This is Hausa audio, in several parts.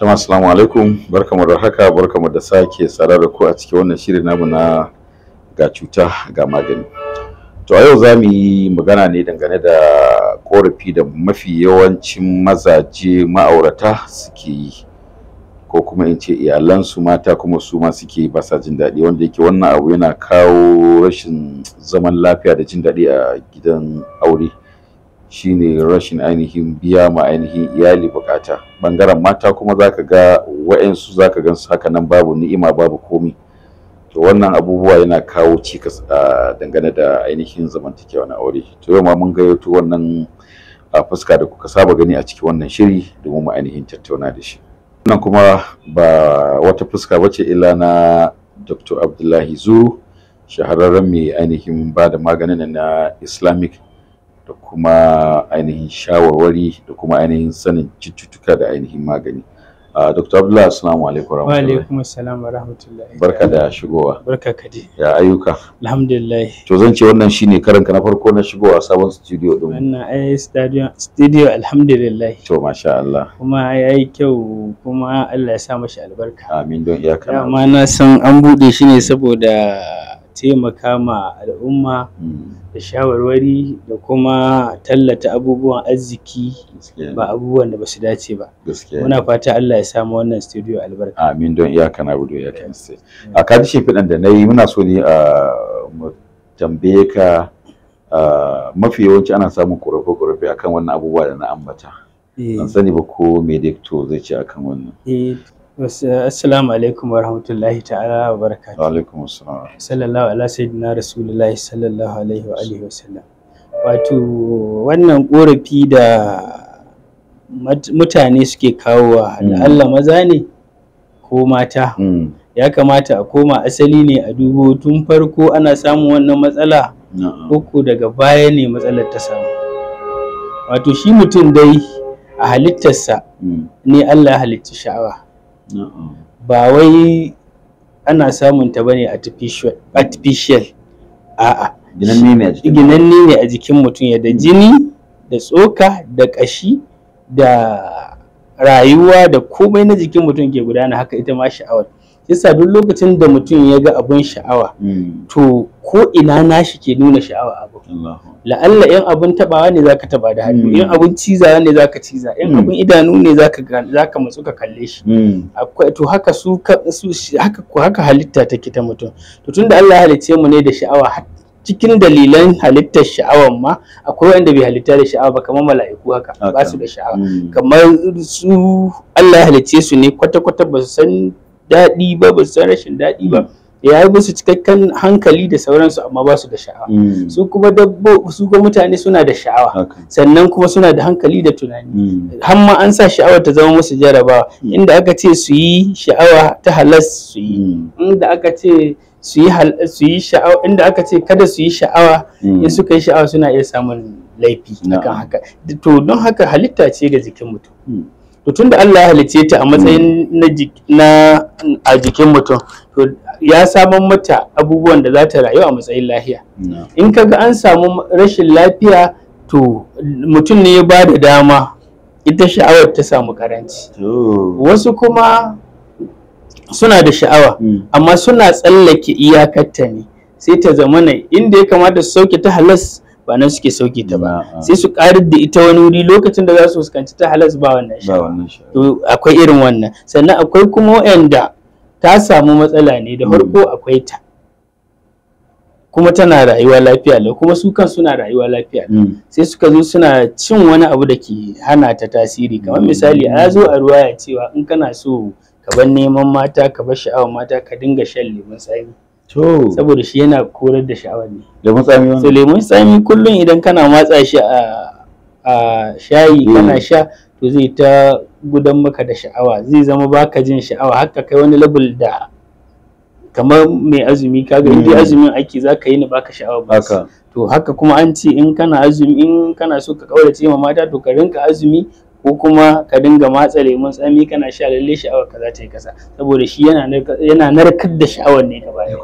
jama'a assalamu alaikum barkamu da haka barkamu da sake tsara da ku a cikin wannan shirin namu na ga cuta ga magani to a yau za mu yi magana ne dangane da korafi da mafi yawancin mazaje ma'aurata suke yi ko kuma in ce iyalansu mata kuma su ma suke ba sa jin daɗi wanda yake wannan abu yana kawo rashin zaman lafiya da jin daɗi a gidan aure shine rashin ainihin biya ma ainihin iyali bukata bangaren mata kuma zaka ga wa'yansu zaka gansu haka nan babu ni'ima babu komi to wannan abubuwa yana kawo cikas a dangane da ainihin zamantakewa na aure to yau ma mun gayyato wannan a fuska da kuka saba gani a cikin wannan shiri domin mu ainihin tattauna da shi wannan kuma ba wata fuska bace illa na Dr. Abdullahi Zuru shahararren mai ainihin ba da maganin na Islamic da kuma ainihin shawarwari da kuma ainihin sanin cututtuka da ainihin magani ah, Dr. Abdullah assalamu alaikum wa alaikum assalam wa rahmatullahi barka da shigowa barka ka ya ayyuka alhamdulillah to zan ce wannan shine ne ka na farko na shigowa sabon studio din wannan ai studio studio alhamdulillah to masha Allah kuma yayi kyau kuma Allah ya sa mashi albarka amin don iyaka ma na san an bude shi ne saboda taimaka ma al'umma da shawarwari da kuma tallata abubuwan arziki ba abubuwan da ba su dace ba muna fata Allah ya samu wannan studio albarka amin don iyaka na budo ya kan sai a kaji shi da da yi muna so ne mu tambaye ka mafi yawanci ana samun korafe korafe akan wannan abubuwa da na ambata eh. ban sani ba ko me zai ce akan wannan eh, Assalamu alaikum wa rahmatullahi ta'ala wa barakatuhu. Wa alaikum assalam. Sallallahu ala sayyidina Rasulullahi sallallahu alaihi wa alihi wa sallam. Wato wannan korafi da mutane suke kawo wa hmm. Allah maza ne ko mata. Hmm. Ya kamata a koma asali ne a dubo tun farko ana samun wannan matsala uku daga baya ne matsalar ta samu. Wato shi mutum dai a halittarsa hmm. ne Allah ya halitta sha'awa. ba wai ana samun ta bane artificial a'a ginanne ne a jikin mutum ya da jini da tsoka da ƙashi da rayuwa da komai na jikin mutum ke gudana haka ita ma sha'awar yasa duk lokacin da mutum ya ga abun sha'awa hmm. to ko ina nashi ke nuna sha'awa abu la'alla in abun tabawa ne zaka taba da hannu in hmm. abun ciza ne zaka ciza in hmm. abun idanu ne zaka zaka mutsu ka kalle shi akwai to haka su haka haka halitta take ta mutum to tunda Allah ya halicce mu ne da sha'awa cikin dalilan halittar sha'awar ma akwai wanda bai halitta da sha'awa ba kamar mala'iku haka ba su da sha'awa kamar su Allah ya halicce su ne kwata-kwata ba su san daɗi ba ba san rashin daɗi ba ya yi musu cikakken hankali da sauransu amma ba su da sha'awa mm. su kuma dabbo su kuma mutane suna da sha'awa sannan kuma suna da hankali da tunani mm. har ma an sa sha'awa ta zama musu jarabawa mm. inda aka ce su yi sha'awa ta halas su yi inda aka ce su yi sha'awa inda aka ce kada su yi sha'awa in suka yi sha'awa suna iya samun laifi akan haka to don haka halitta ce ga jikin mutum to tunda Allah ya halice ta a matsayin hmm. na a jikin mutum to ya saman mata abubuwan da za ta rayu a matsayin lafiya hmm. in kaga an samu rashin lafiya to mutum ne ya bada dama ita sha'awar ta samu karanci wasu kuma suna da sha'awa hmm. amma suna tsallake iyakarta ne sai ta zamana inda ya kamata su sauke ta halas ba nan suke sauke ta ba mm, mm. sai su karar da ita wani wuri lokacin da za su fuskanci ta halas ba wannan to akwai irin wannan sannan akwai kuma wa'anda ta samu matsala ne da mm. farko akwai ta kuma tana rayuwa lafiya lau kuma su kan suna rayuwa lafiya sai suka zo suna cin wani abu da ke hana ta tasiri kamar misali a zo a ruwa ya cewa in kana so ka bar neman mata ka bar sha'awar mata ka dinga shan lemun tsami saboda shi yana korar da sha'awa ne lemun tsami wani so lemun tsami kullum idan kana matsa shi a shayi eh. kana sha to zai ta gudan maka da sha'awa zai zama baka jin sha'awa haka kai wani level da kamar mai azumi kaga in hmm. azumin aiki zaka yi ni baka sha'awa ba to haka kuma an ce in kana azumi in kana so ka ce ma mata to ka rinka azumi ko kuma ka dinga matsa lemun tsami kana sha lalle sha'awar ka za ta yi kasa saboda shi yana narkar da sha'awar ne baya.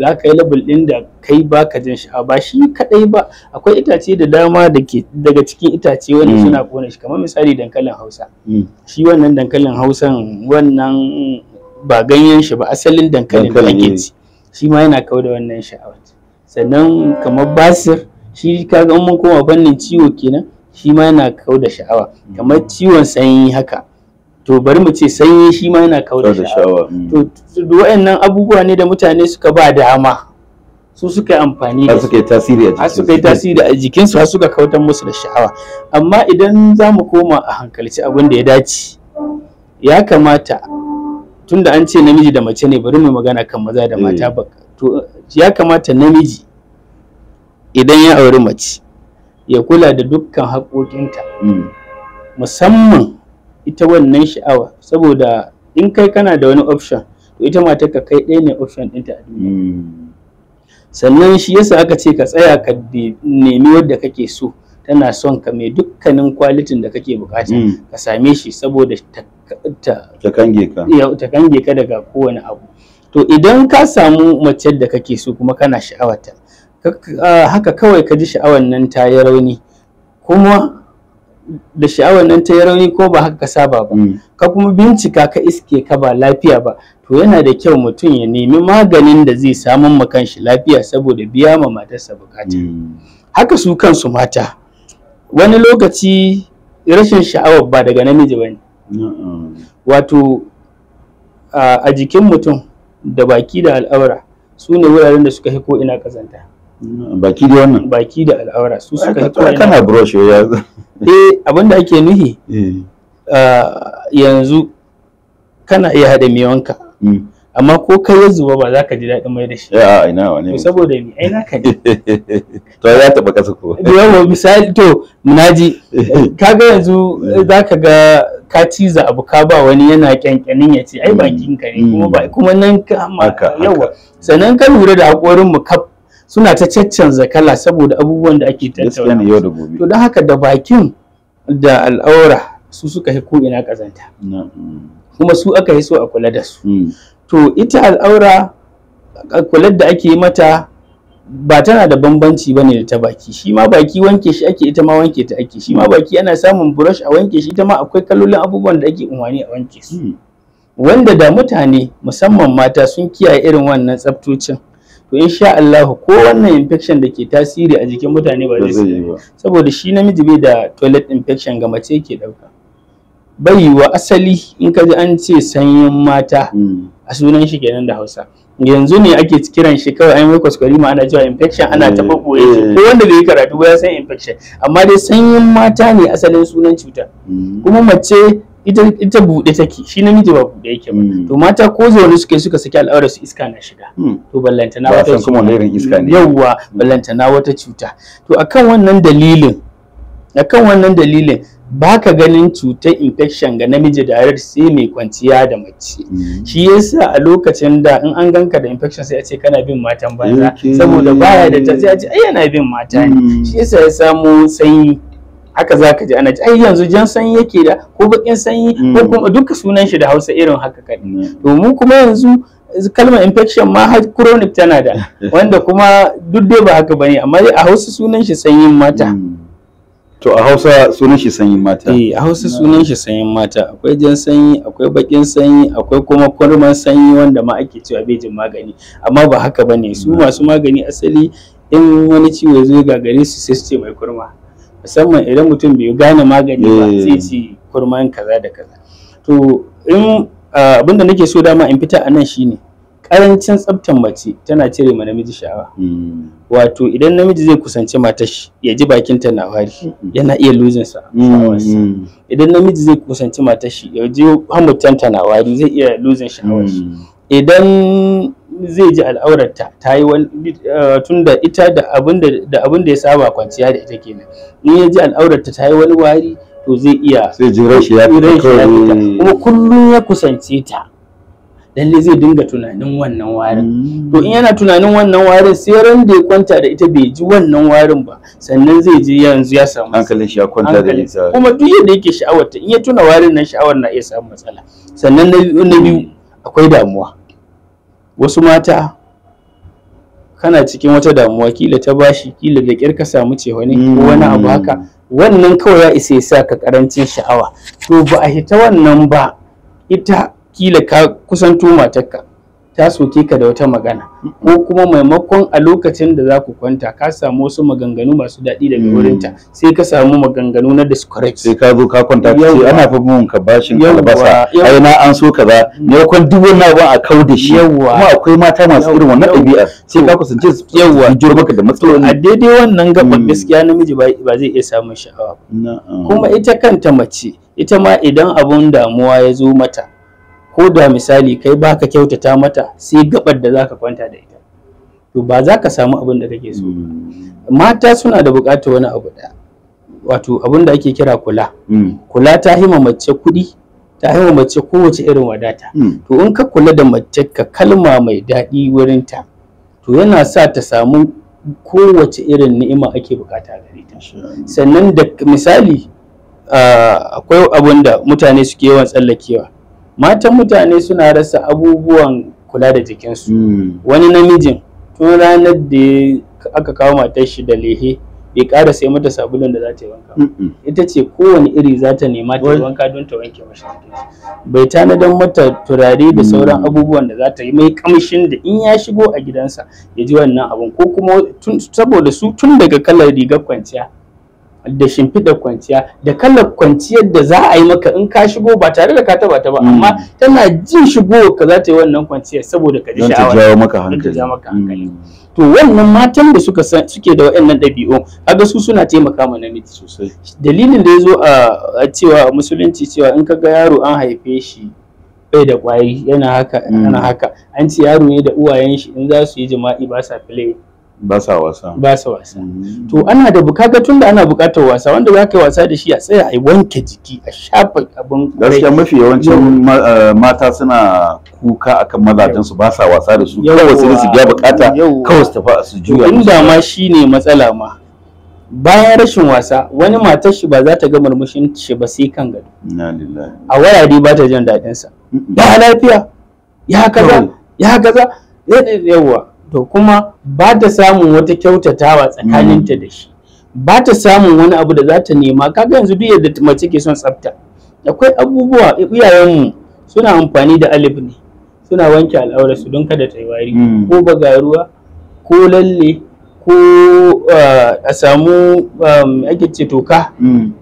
za ka yi labul ɗin da kai ba ka jin sha'awa ba shi kadai ba akwai itace da dama daga cikin itace wani mm. suna kona shi kamar misali dankalin hausa mm. shi wannan dankalin hausan wannan ba ganyen shi ba asalin dankalin da ake ci shi ma yana kau da wannan sha'awa. sannan kamar basir shi kaga mun koma fannin ciwo kenan shi ma yana kawo da sha'awa kamar ciwon sanyi haka to bari mu ce sanyi shi ma yana kawo da sha'awa mm. to waɗannan abubuwa ne da mutane suka ba dama su suka yi amfani da suka tasiri a jikinsu suka yi tasiri a jikinsu har suka kautar musu da sha'awa amma idan za mu koma a hankalci abin da ya dace ya kamata tunda an ce namiji da mace ne bari mu magana kan maza da mata eh. ba to ya kamata namiji idan ya auri mace ya kula da dukkan haƙoƙinta hmm. musamman ita wannan sha'awa saboda in kai kana da wani option to ita matar ka kai ɗaya ne option ɗinta a duniya hmm. sannan shi yasa aka ce ka tsaya ka nemi wadda kake so tana son ka mai dukkanin kwalitin da kake bukata hmm. ka same shi saboda ta kange ka daga kowane abu to idan ka samu mace da kake so kuma kana sha'awarta Ah, haka kawai ka ji sha'awar nan ta yi rauni kuma da sha'awar nan ta yi rauni ko ba haka ka saba ba mm. ka kuma bincika ka iske ka ba lafiya ba to yana da kyau mutum ya nemi maganin da zai samun ma kanshi lafiya saboda biya ma matarsa bukata mm. haka su kansu mata wani lokaci rashin sha'awar ba daga namiji ba ne wato ah, a jikin mutum da baki da al'aura su ne wuraren da suka fi ko ina kazanta baki da wannan baki da al'aura su suka kawai kana brush ya eh abinda ake nuhi eh. ah, yanzu kana iya hada miyonka hmm. amma ko kai ya zuba ba za ka ji daɗin mai da shi eh, a ina wane saboda ni ai naka ne to ya taba kasa ko yawa misali to munaji kaga yanzu za ka ga ka ciza abu ka ba wani yana kyankyanin ya ce ai hmm. bakin ka ne hmm. kuma ba kuma nan ka yawa sannan ka lura da haƙorin mu kaf suna ta caccanza kala saboda abubuwan da ake tattauna yau da gobe to don haka da bakin da al'aura su suka yi ko ina kazanta kuma su aka yi so a kula da su hmm. to ita al'aura kular da ake mata ba tana da bambanci ba ne da ta baki shi ma baki wanke shi ake ita ma wanke ta ake shi ma hmm. baki ana samun brush a wanke shi ita ma akwai kalolin abubuwan da ake umarni a wanke su hmm. wanda da mutane musamman mata sun kiyaye irin wannan tsaftocin to insha Allah ko wannan infection da ke tasiri a jikin mutane ba zai yi ba saboda shi namiji bai da toilet infection ga mace ke dauka bai yi wa asali in ka ji an ce sanyin mata hmm. a sunan shi kenan da Hausa yanzu ne ake kiran shi kawai an yi kwaskwari ma ana cewa infection ana ta eh, ɓoye eh. ko wanda bai yi karatu ba ya san infection amma dai sanyin mata ne asalin sunan cuta. Hmm. kuma mace ita ita buɗe take shi namiji ba buɗe yake ba hmm. to mata ko zaune suke suka saki al'aura su iska na shiga hmm. to ballanta na wata kuma irin iska ne wata cuta to akan wannan dalilin akan wannan dalilin baka ganin cutar infection ga namiji da sai mai kwanciya da mace hmm. shi yasa a lokacin da in an ganka da infection sai a ce kana bin matan banza saboda baya da ta sai a ce ai yana bin mata ne shi yasa ya samo sanyi haka za ka ji ana ai yanzu jan sanyi yake da ko bakin sanyi ko mm. kuma duka sunan shi da hausa irin haka kadi. Mm. to mu kuma yanzu kalmar infection ma har chronic tana da wanda kuma duk dai ba haka bane amma a hausa sunan shi sanyin mata mm. to a hausa sunan shi sanyin mata eh a hausa sunan shi sanyin mata akwai jan sanyi akwai bakin sanyi akwai kuma kurman sanyi wanda ma ake cewa bejin magani amma ba haka bane su masu magani asali in wani ciwo zai gagare su sai su ce mai kurma musamman idan mutum bai gane magani ba sai eh. ci kurman kaza da kaza to in abin da nake so dama in fita anan shine karancin tsabtan mace tana cire ma namiji sha'awa hmm. wato idan namiji zai kusanci matar shi ya ji bakin ta na wari hmm. yana iya losing sa hmm, idan namiji zai kusanci matar shi ya ji hamutanta na wari zai iya losing sha'awar shi idan zai ji al'aurarta ta yi eh, tun da ita da abin da ya saba kwanciya da ita kenan in ya ji al'aurarta ta yi wani wari to zai iya sai ji rashi ya fita kuma kullum ya kusance ta lalle zai dinga tunanin wannan warin to in yana tunanin wannan warin sai ran da ya kwanta da ita bai ji wannan warin ba sannan zai ji yanzu ya samu hankalin shi ya kwanta da ita kuma duk yadda yake sha'awar ta in ya tuna warin nan sha'awar na iya samun matsala sannan na biyu akwai damuwa wasu mata kana cikin wata damuwa kila ta bashi kila da kyar ka samu cefane ko hmm. wani abu haka wannan kawai ya isa ya sa ka karancin sha'awa to ba a hita wannan ba ita kila ka kusanto matarka ta soke ka da wata magana ko kuma maimakon a lokacin da za ku kwanta ka samu wasu maganganu masu daɗi daga hmm. wurinta sai ka samu maganganu na discourage sai ka zo ka kwanta ka ce ana fa mun ka bashin albasa ai na an so kaza ne kwan duk wannan abin a kau da shi kuma akwai mata masu irin wannan ɗabi'ar sai ka kusance su yawa jiro maka da matsaloli a daidai wannan gaban hmm. gaskiya namiji ba zai iya samun sha'awa kuma ita kanta mace ita ma idan abun damuwa ya zo mata ko da misali kai baka kyautata mata sai gabar da zaka kwanta da ita to ba za ka samu abin da kake so mm. mata suna da buƙatar wani abu da wato abin da ake kira kula mm. kula ta hima mace kudi, ta hima mace kowace irin wadata mm. to in ka kula da mace ka kalma mai daɗi wurin ta to yana sa ta samu kowace irin ni'ima ake bukata gare ta sannan da misali ah, akwai abin mutane suke yawan tsallakewa matan mutane suna rasa abubuwan kula da jikinsu hmm. wani namijin tun ranar da aka kawo matar shi da lehe bai ƙara sai mata sabulun da za ta yi wanka ita ce kowane iri za ta nema ta wanka don ta wanke mashi bai tanadan mata turare da sauran hmm. abubuwan da za ta yi mai kamshin da in ya shigo a gidansa ya ji wannan abun ko kuma saboda su tun daga kalar rigar kwanciya da shimfiɗar kwanciya da kalar kwanciyar da za a yi maka in ka shigo ba tare da ka taba ta ba hmm. amma tana jin shigo ka za ta yi wannan kwanciyar saboda ka ji sha'awa jawo maka hankali to wannan matan da suka suke da waɗannan ɗabi'u kaga su suna taimaka ma namiji sosai dalilin da ya zo a cewa musulunci cewa in ka ga yaro an haife shi bai da kwayi yana haka yana hmm. haka an ce yaro ne da uwayen shi in za su yi jima'i ba sa ba sa wasa ba sa wasa mm-hmm. to ana da bukaga tunda ana bukatar wasa wanda za ka wasa da shi a tsaya a wanke jiki a shafa abin gaskiya mafi yawancin eh, mata suna kuka akan mazajen su ba sa wasa da su kawai su su biya bukata kawai su tafi su juya inda ma shine matsala ma bayan rashin wasa wani matar shi ba za ta ga murmushin shi ba sai kan gado a waya dai ba ta jin daɗin sa ba lafiya ya kaza ya kaza yawa to kuma ba ta samun wata kyautatawa tsakaninta da shi ba ta samun wani abu da za ta nema kaga yanzu duk yadda mace ke son tsafta akwai abubuwa iyayenmu suna amfani da alif ne suna wanke su don kada ta yi wari mm. ko bagaruwa ko lalle ko ah, a samu um, ake ce toka mm.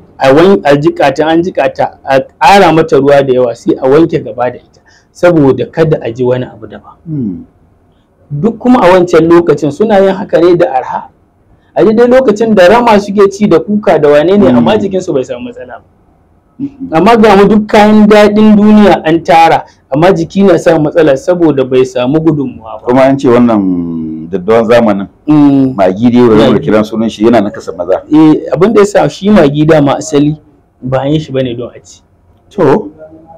a jikata an jikata a ƙara mata ruwa da yawa sai a wanke gaba da ita saboda kada a ji wani abu daban mm. duk kuma a wancan lokacin suna yin haka ne da arha a dai lokacin da rama suke ci da kuka da wane ne amma hmm. jikinsu bai samu matsala ba amma ga mu duk kayan daɗin duniya an tara amma jiki na samu matsala saboda bai samu gudunmuwa ba kuma an ce wannan daddawan zamanin hmm. magi dai wani da kiran sunan shi yana nakasa maza eh abin da yasa shi magi ma asali ba shi bane don a ci to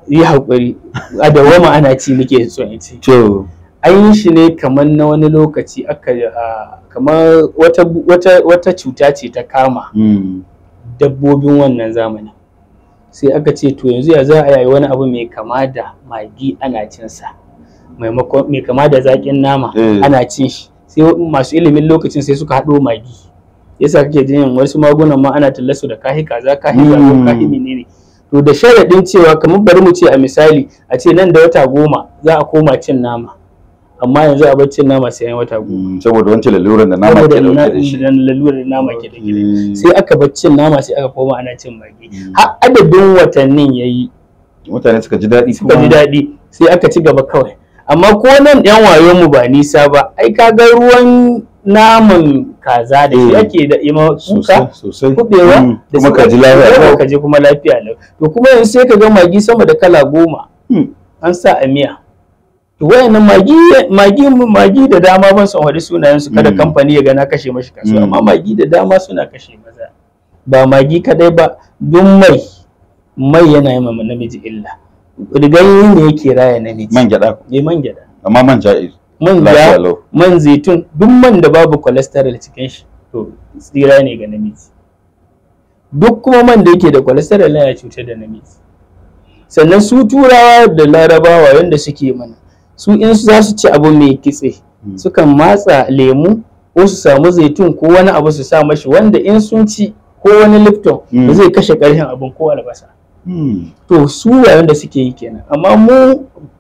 yi hakuri a dawama ana ci muke so in ci to an yi shi ne kamar na wani lokaci aka kamar wata, wata, wata cuta ce ta kama mm. dabbobin wannan zamanin sai aka ce to yanzu ya za a yi wani abu mai kama da magi ana cinsa mai kama da zaƙin nama mm. ana cin shi sai masu ilimin lokacin sai suka haɗo magi yasa kake jin wasu magunan ma ana tallasu da kahi kaza kahi ko hmm. kahi menene to da sharaɗin cewa kamar bari mu ce a misali a ce nan da wata goma za a koma cin nama amma yanzu a bacci nama sai ya wata goma mm, saboda wancan lalurar da nama ke dauke da shi lalurar nama ke dauke da mm. sai aka bacci nama sai aka koma ana cin magi mm. har adadin watannin yayi mutane suka ji daɗi suka ji daɗi sai aka ci gaba kawai amma ko nan yan wayo mu ba nisa ba ai ka ga ruwan naman kaza da shi ake da ima kuka kubewa da kuma ka ji lafiya kuma lafiya lau to kuma yanzu sai ka ga magi sama da kala goma an sa a miya wayannan magi magi magi da dama ban san wani sunayen su kada mm. kamfani ya ga na kashe mashi kasuwa mm. amma magi da dama suna kashe maza ba magi kadai ba duk mai mai yana yi ma namiji illa rigayi ne yake raya namiji man gyada eh man gyada amma man ja'iz man ja man zaitun duk man da babu cholesterol cikin shi to tsira ne ga namiji duk kuma man da yake da cholesterol yana cutar da namiji sannan su turawa da larabawa wanda suke mana su in za su ci abu mai kitse hmm. sukan matsa lemu ko su samu zaitun ko wani abu su sa mashi wanda in sun ci ko wani lipton da hmm. zai kashe ƙarshen abin ko albasa hmm. to su yayin da suke yi kenan amma mu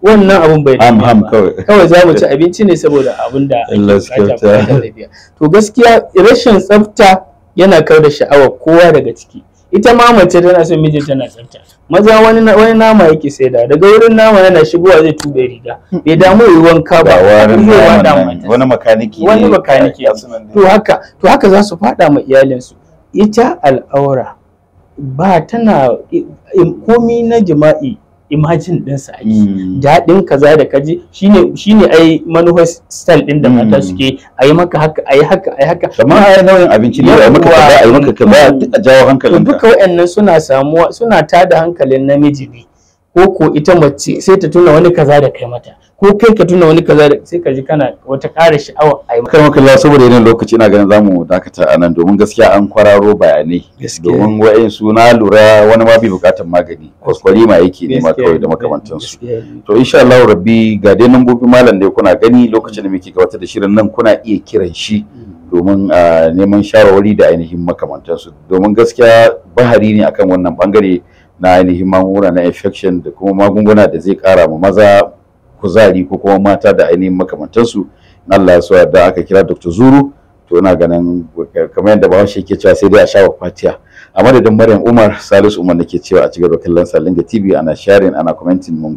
wannan abin bai da ba kawai za mu ci abinci ne saboda abin da to gaskiya rashin tsafta yana kar da sha'awa kowa daga ciki ita ma mace tana son mijin tana tsafta maza wani nama yake saida daga wurin nama yana shigowa zai tube riga bai damu yi wanka ba wani makaniki wani makaniki to haka to haka za su fada ma iyalinsu ita al'aura ba tana komi na jima'i imajin sa ake hmm. daɗin kaza da kaji shine shine ai manuhar style din da mata hmm. suke a yi maka haka a haka a haka amma ai nauyin abinci ne a yi maka kaza a yi maka kaza a jawo hankalin duka waɗannan suna samuwa suna tada hankalin namiji ne ko ko ita mace sai ta tuna wani kaza da kai mata ko kai ka tuna wani kaza da sai ka ji kana wata ƙara sha'awa a yi maka makalla saboda yanayin lokaci ina ganin zamu dakata a nan domin gaskiya an kwararo bayanai domin wa'in su na lura wani ma bai bukatar magani kwaskwari ma yake nema kawai da makamantansu to insha Allah rabbi ga dai nambobi malam da kuna gani lokacin da muke gabatar da shirin nan kuna iya kiran shi mm. domin neman shawarwari da ainihin makamantansu domin gaskiya bahari ne akan wannan bangare na ainihin magunguna na infection da kuma magunguna da zai kara ma maza kuzari ko kuma mata da ainihin makamantansu in Allah ya da aka kira Dr. Zuru to ina ganin kamar yadda Bahaushe yake cewa sai dai a shawa fatiya a madadin Maryam Umar Salisu Umar nake cewa a cigaba kallon Salinga TV ana sharing ana commenting